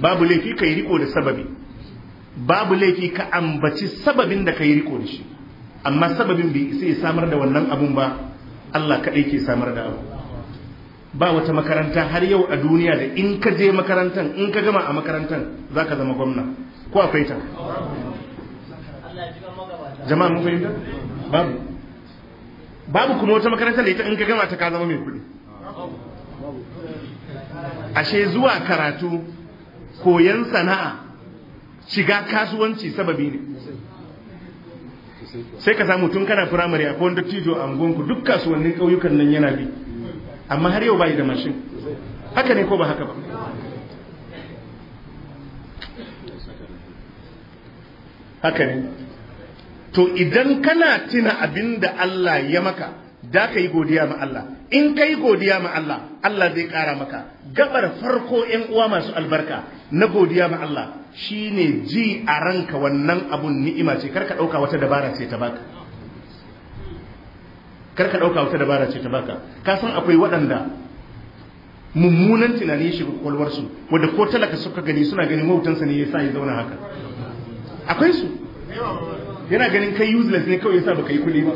babu laifi kai riko da sababi babu laifi ka ambaci sababin da ka yi riko da shi amma sababin bai sai samar da wannan abun ba Allah kaɗai ke samar da abu ba wata makaranta har yau a duniya da in ka je makarantan in ka gama a makarantan za ka zama gwamna ko akwai faita jama'a mun fahimta babu babu kuma wata makarantar da ita in ka gama ta ka zama mai kuɗi ashe zuwa karatu koyan sana'a shiga kasuwanci sababi ne sai ka samu tun kana firamare a kowanda tijo a unguwanku duk kasuwannin ƙauyukan nan yana bi amma har yau bayi da mashin haka ne ko ba haka ba haka ne to idan kana tuna abin da Allah ya maka da ka yi godiya ma Allah in ka yi godiya ma Allah Allah zai ƙara maka gabar farko ƴan uwa masu albarka na godiya ma Allah shine ji a ranka wannan abun ni'ima ce karka ɗauka wata dabara ce ta baka karka ɗauka wata dabara ce ta baka ka san akwai waɗanda mummunan tunani shi kwalwarsu wadda ko talaka suka gani suna ganin wautansa ne ya sa ya zauna haka akwai su yana ganin kai useless ne kawai ya sa baka yi kuɗi ba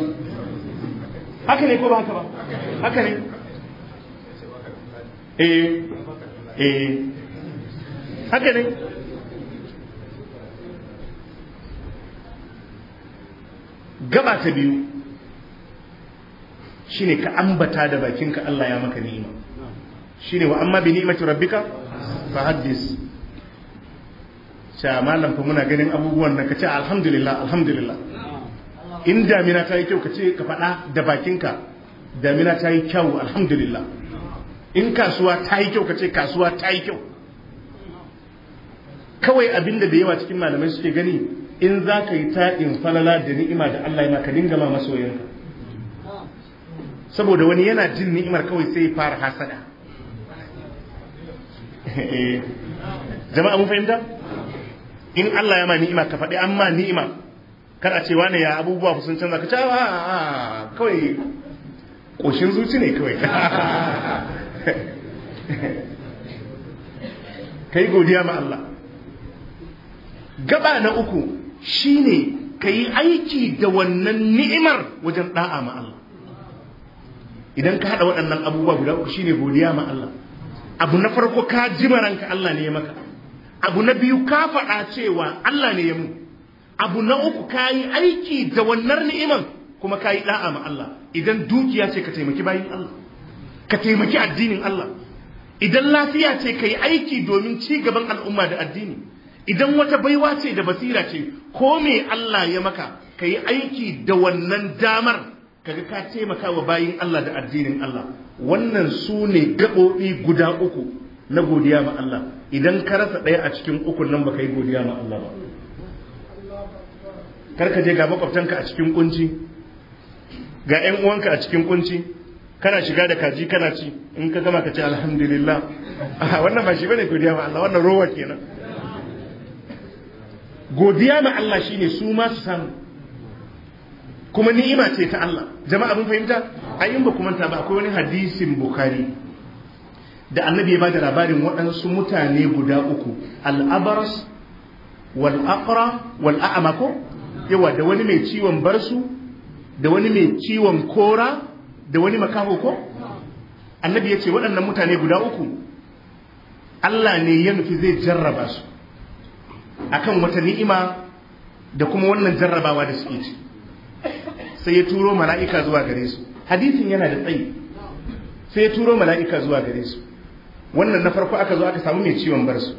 haka ne ko ba haka ba haka ne eh eh haka ne gaba ta biyu shine ka ambata da bakinka Allah ya maka ni'ima shine wa amma bi ni'mati rabbika fa haddis cha malam fa muna ganin abubuwan da kace alhamdulillah alhamdulillah in damina ta yi kyau ka ce ka faɗa da bakinka damina ta yi kyau alhamdulillah in kasuwa ta yi kyau ka ce kasuwa ta yi kyau kawai abinda da yawa cikin malamai suke gani in za ka yi ta'in falala da ni'ima da Allah ya ka dinga ma masoyanka saboda wani yana jin ni'imar kawai sai fara hasada eh, jama'a mun fahimta in Allah ya ma ni'ima ka faɗi an ma ni'ima kar a ce wane ya abubuwa sun canza ka cewa ah, ah, kawai ƙoshin zuci ne kawai ka yi godiya ma Allah gaba na uku shine ka yi aiki da wannan ni'imar wajen ɗa'a ma Allah idan ka haɗa waɗannan abubuwa guda uku shine godiya ma Allah abu na farko ka jima maranka Allah ne ya maka abu na biyu ka faɗa cewa Allah ne ya mu abu na uku ka yi aiki da wannan ni'iman kuma ka yi da'a ma Allah idan dukiya ce ka taimaki bayin Allah ka taimaki addinin Allah idan lafiya ce ka yi aiki domin ci gaban al'umma da addini idan wata baiwa ce da basira ce ko me Allah ya maka ka yi aiki da wannan damar kaga ka taimaka wa bayin Allah da addinin Allah wannan su ne gaɓoɓi guda uku na godiya ma Allah idan ka rasa ɗaya a cikin ukun nan ba ka yi godiya ma Allah ba karka je ga makwabtanka a cikin kunci ga ƴan uwanka a cikin kunci kana shiga da kaji kana ci in ka gama ka ce alhamdulillah wannan ba shi bane godiya ma Allah wannan rowa kenan godiya ma Allah shine su ma su samu kuma ni'ima ce ta Allah jama'a mun fahimta ayin ba kuma ta ba akwai wani hadisin bukhari da annabi ya bada labarin waɗansu mutane guda uku al-abras wal aqra wal a'ma ko yawa da wani mai ciwon barsu da wani mai ciwon kora da wani makaho ko annabi ya ce waɗannan mutane guda uku Allah ne ya nufi zai jarraba su akan wata ni'ima da kuma wannan jarrabawa da suke ci sai ya turo mala'ika zuwa gare su hadisin yana da tsayi sai ya turo mala'ika zuwa gare su wannan na farko aka zo aka samu mai ciwon barsu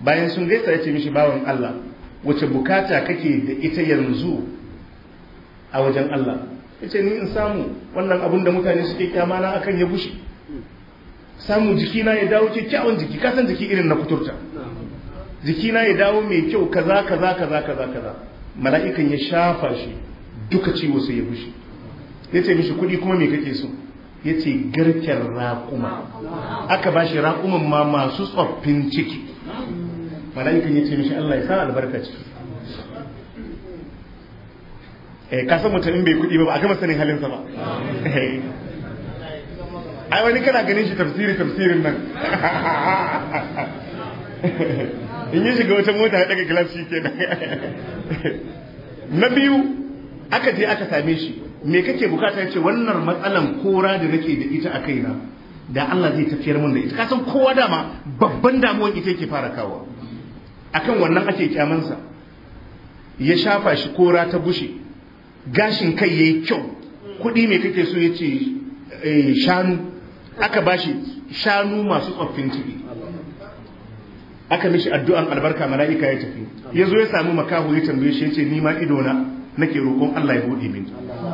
bayan sun gaisa ya ce mishi bawan Allah wace bukata kake da ita yanzu a wajen Allah yace ni in samu wannan abun da mutane suke kyama na akan ya bushe samu jikina ya dawo kyakkyawan jiki kasan jiki irin na kuturta jikina ya dawo mai kyau kaza kaza kaza kaza kaza mala'ikan ya shafa shi duka ciwo sai ya bushe yace mishi kuɗi kuma me kake so ya ce garken raƙuma aka ba shi raƙuman ma masu tsoffin ciki mala'ikan ya ce mishi Allah ya sa albarka ciki eh ka san mutum in bai kuɗi ba ba a gama sanin halinsa ba eh. ai wani kana ganin shi tafsiri tafsirin nan in yi shiga wata mota daga glass shi kenan na biyu aka je aka same shi me kake bukata yace wannan matsalan kora da nake da ita a kaina da Allah zai tafiyar mun da ita kasan kowa dama babban damuwan ita yake fara kawo akan wannan ake kyamansa ya shafa shi kora ta bushe gashin kai yayi kyau kuɗi mai kake so ya eh, shanu aka bashi shanu masu tsoffin ciki aka mishi addu'an albarka mala'ika ya tafi ya zo ya samu makaho ya tambaye shi ya ce ido na? nake roƙon Allah ya buɗe min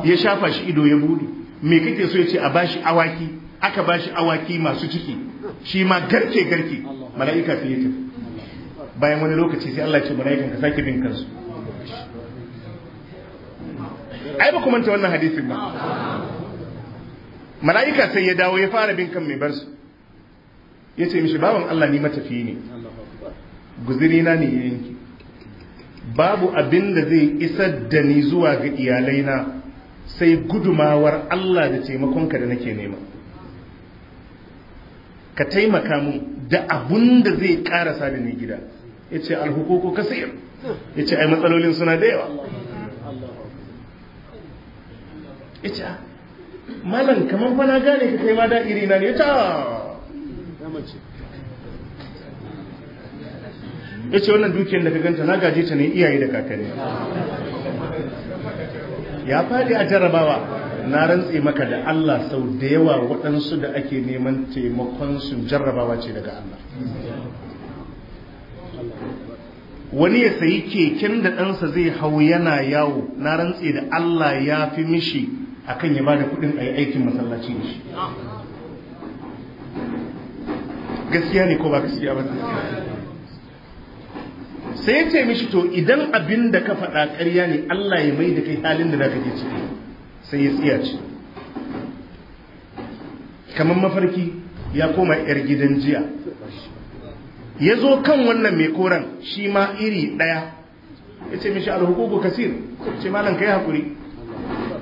ya shafa shi ido ya buɗe me kake so yace a bashi awaki aka bashi awaki masu ciki shi ma garke garke mala'ika sai ya tafi bayan wani lokaci sai Allah ya ce mala'ikan ka sake bin kansu ai ba ku manta wannan hadisin ba mala'ika sai ya dawo ya fara bin kan mai barsu ya ce mishi bawan Allah ni matafi ne guziri na ne yanki babu abin da zai isar da ni zuwa ga iyalaina sai gudumawar Allah da taimakon ka da nake nema ka taimaka mu da abun da zai karasa da ni gida yace alhuququ Ya yace ai matsalolin suna da yawa yace ah, malam kaman fa na gane ka kai ma da iri na ne yace ah. yace wannan dukiyar da ka ganta na gaje ta ne iyaye da kakanni ya faɗi a jarabawa na rantse maka da Allah sau da yawa waɗansu da ake neman taimakon su jarrabawa ce daga Allah wani ya sayi keken da ɗansa zai hau yana yawo na rantse da Allah ya fi mishi akan ya bada kuɗin a yi aikin masallaci da shi gaskiya ne ko ba gaskiya ba sai ya ce mishi to idan abin da ka faɗa karya ne Allah ya mai da kai halin da zaka ke ciki sai ya tsiya ce kamar mafarki ya koma 'yar gidan jiya ya zo kan wannan mai koren shi ma iri ɗaya ya ce mishi alhukuku kasir ce ka yi hakuri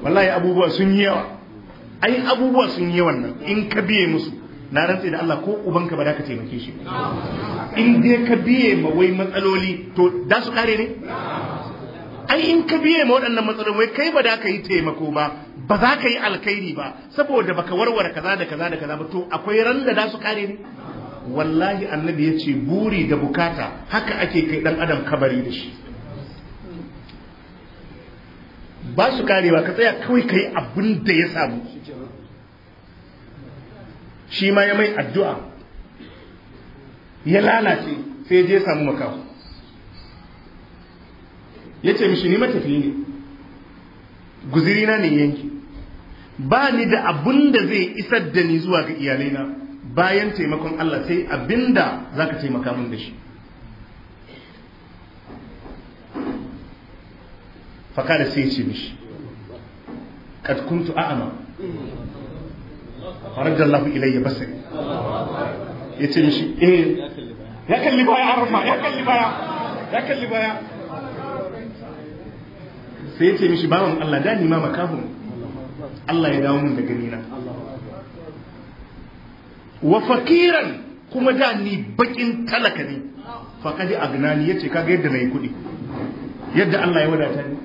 wallahi abubuwa sun yi yawa ai abubuwa sun yi wannan in ka biye musu na rantse da Allah ko ubanka ba da ka taimake shi in dai ka biye ma wai matsaloli to da su kare ne ai in ka biye ma waɗannan matsaloli wai kai ba da ka yi taimako ba ba za ka yi alkhairi ba saboda baka warware kaza da kaza da kaza ba to akwai ran da da su kare ne wallahi annabi ya ce buri da bukata haka ake kai dan adam kabari da shi ba su karewa ka tsaya kawai ka yi abin da ya samu shi ma ya mai addu'a ya lalace sai je samu makawa ya ce mishi ni matafi ne guzirina ne yanki ba ni da abin da zai isar da ni zuwa ga iyalai na. bayan taimakon Allah sai abinda ka taimaka mun da shi fakada sai ce mishi kad kuntu a'ama faraja Allah ilayya ya ce mishi eh ya kalli baya arma ya kalli baya ya kalli baya sai ya yace mishi bawan Allah da ni ma makahu Allah ya dawo mun da ganina. na wa fakiran kuma da ni bakin talaka ne faqad agnani yace kaga yadda nayi kudi yadda Allah ya wadata ni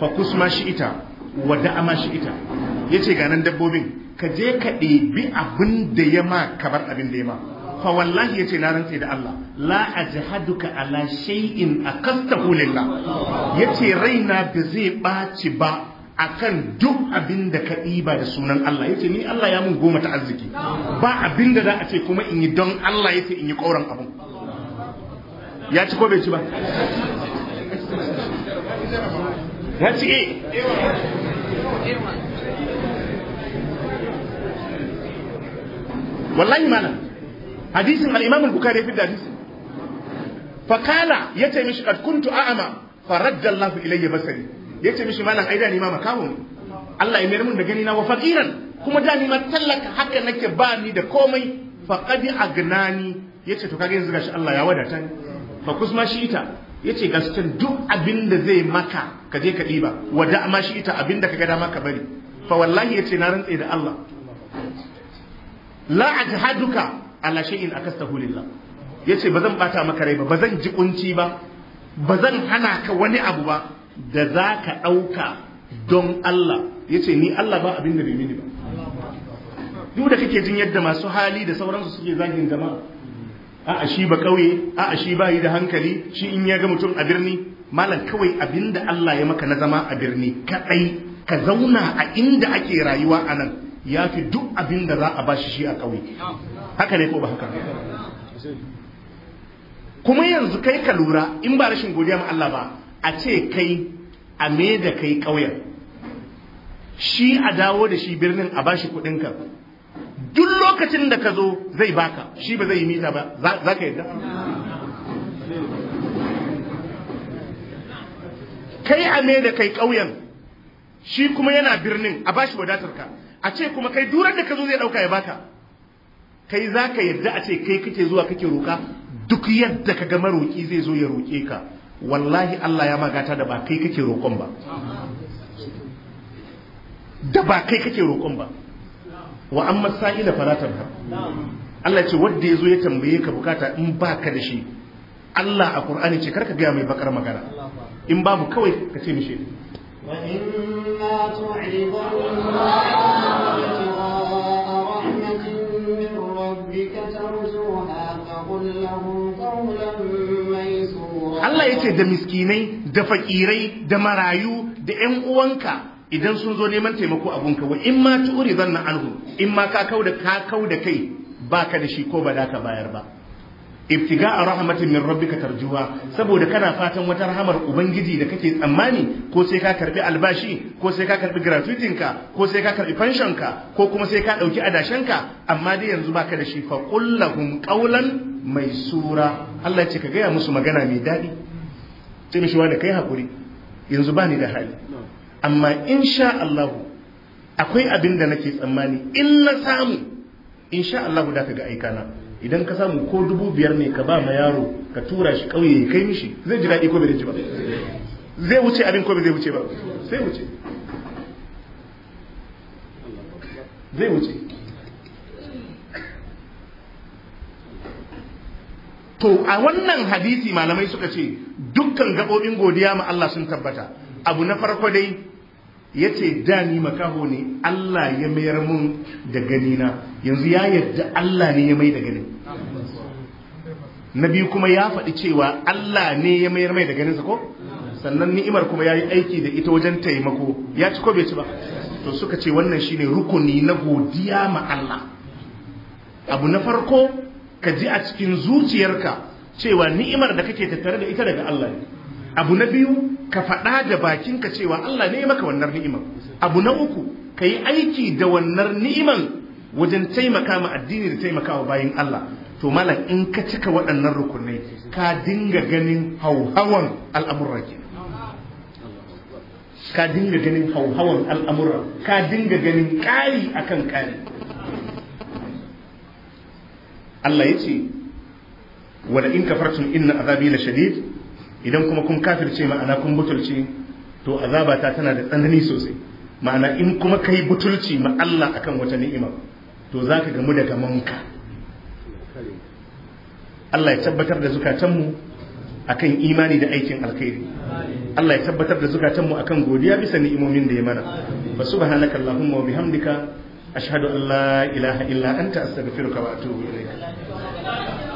fa kusma shi ita wa ama shi ita yace ga dabbobin ka je ka ɗebi abin da ya ma kamar abin da ya ma fa wallahi yace na rantse da Allah la ajhaduka ala shay'in akastahu lillah yace raina ba zai ɓaci ba akan duk abin da ka ɗiba da sunan Allah yace ni Allah ya mun goma ta arziki ba abin da za a ce kuma in yi don Allah yace in yi ƙoran abin ya ci ko bai ci ba ya ci e? wallahi mana hadisin al-imam al-bukhari fi hadisi fa kana yace mishi kad kuntu a'ama faradda Allah ilayya basari yace mishi malam ai da ni ma makamu Allah ya mayar mun da gani na wa fakiran kuma da ni ma tallaka haka nake ba ni da komai faqad agnani yace to kage yanzu gashi Allah ya wadata ni fa kusma shi ita yace gaskan duk abinda zai maka ka je ka diba wada ma shi ita abin da kaga dama ka bari fa wallahi yace na rantsa da Allah la ajhaduka ala shay'in akastahu lillah yace bazan bata maka rai ba bazan ji kunci ba bazan hana ka wani abu ba da za ka ɗauka don Allah ya ce ni Allah ba abin da bai ba duk da kake jin yadda masu hali da sauransu suke zagin zama. a shi ba ƙauye a shi ba yi da hankali shi in ya ga mutum a birni malam kawai abin da Allah ya maka na zama a birni kaɗai ka zauna a inda ake rayuwa a nan ya fi duk abin da za a bashi shi a ƙauye haka ne ko ba haka kuma yanzu kai ka lura in ba rashin godiya ma Allah ba a ce kai a me da kai ƙauyen shi a dawo da shi birnin a bashi kuɗinka duk lokacin da ka zo zai baka shi ba zai yi mita ba za ka yadda kai a me da kai ƙauyen shi kuma yana birnin a bashi wadatar ka a ce kuma kai duran da ka zo zai ɗauka ya baka kai za ka yadda a ce kai kake zuwa kake roƙa duk yadda ka ga maroƙi zai zo ya roƙe ka wallahi Allah ya magata da ba kai kake roƙon ba da ba kai kake roƙon ba wa amma sa'ila fala tanha Allah ce wanda yazo ya tambaye ka bukata in baka da shi Allah a Qur'ani ce karka ga mai bakar magana in babu kawai ka ce mishi wa inna tu'ibullah Allah ya ce da miskinai da fakirai da marayu da ‘yan uwanka idan sun zo neman taimako abunka wa in ma tu'uri zanna anhu in ma ka kau da ka kau da kai baka da shi ko ba da ka bayar ba ibtiga'a rahmatin min rabbika tarjuha saboda kana fatan wata rahamar ubangiji da kake tsammani ko sai ka karbi albashi ko sai ka karbi gratuitin ka ko sai ka karbi pension ka ko kuma sai ka ɗauki adashen ka amma dai yanzu baka da shi fa qul lahum qawlan maysura Allah ce ka gaya musu magana mai dadi sai mishi wani kai hakuri yanzu bani da hali amma insha akwai abinda nake tsammani in na samu insha Allah da ka ga aikana idan ka samu ko dubu biyar ne ka ba ma yaro ka tura shi ƙauye ya kai mishi zai ji daɗi ko bai ji ba zai wuce abin ko bai zai wuce ba sai wuce zai wuce to a wannan hadisi malamai suka ce dukkan gaɓoɓin godiya ma Allah sun tabbata abu na farko dai ya ce da ni makaho ne Allah ya mayar mun da ganina yanzu ya yadda Allah ne ya mai da ganin na biyu kuma ya faɗi cewa Allah ne ya mayar mai da ganinsa ko sannan ni'imar kuma ya yi aiki da ita wajen taimako ya ci ko bai ci ba to suka ce wannan shine rukuni na godiya ma Allah abu na farko ka ji a cikin zuciyarka cewa ni'imar da kake tattare da ita daga Allah ne abu na biyu ka faɗa da bakinka cewa Allah ne maka wannan ni'iman abu na uku ka yi aiki da wannan ni'iman wajen taimaka ma addini da taimaka wa bayin Allah to malam in ka cika waɗannan rukunai ka dinga ganin hauhawan al'amurra ke ka dinga ganin hauhawan al'amurra ka dinga ganin ƙari akan ƙari Allah ya ce wala in kafartum inna azabi la shadid idan kuma kun kafirce ma'ana kun butulci, to azaba ta tana da tsanani sosai ma'ana in kuma kai butulci ma Allah akan wata ni'ima to zaka gamu da manka. Allah ya tabbatar da zukatanmu akan imani da aikin alkhairi Allah ya tabbatar da zukatanmu akan godiya bisa ni'imomin da ya mana fa subhanaka allahumma wa bihamdika ashhadu an la ilaha illa anta astaghfiruka wa atubu ilayk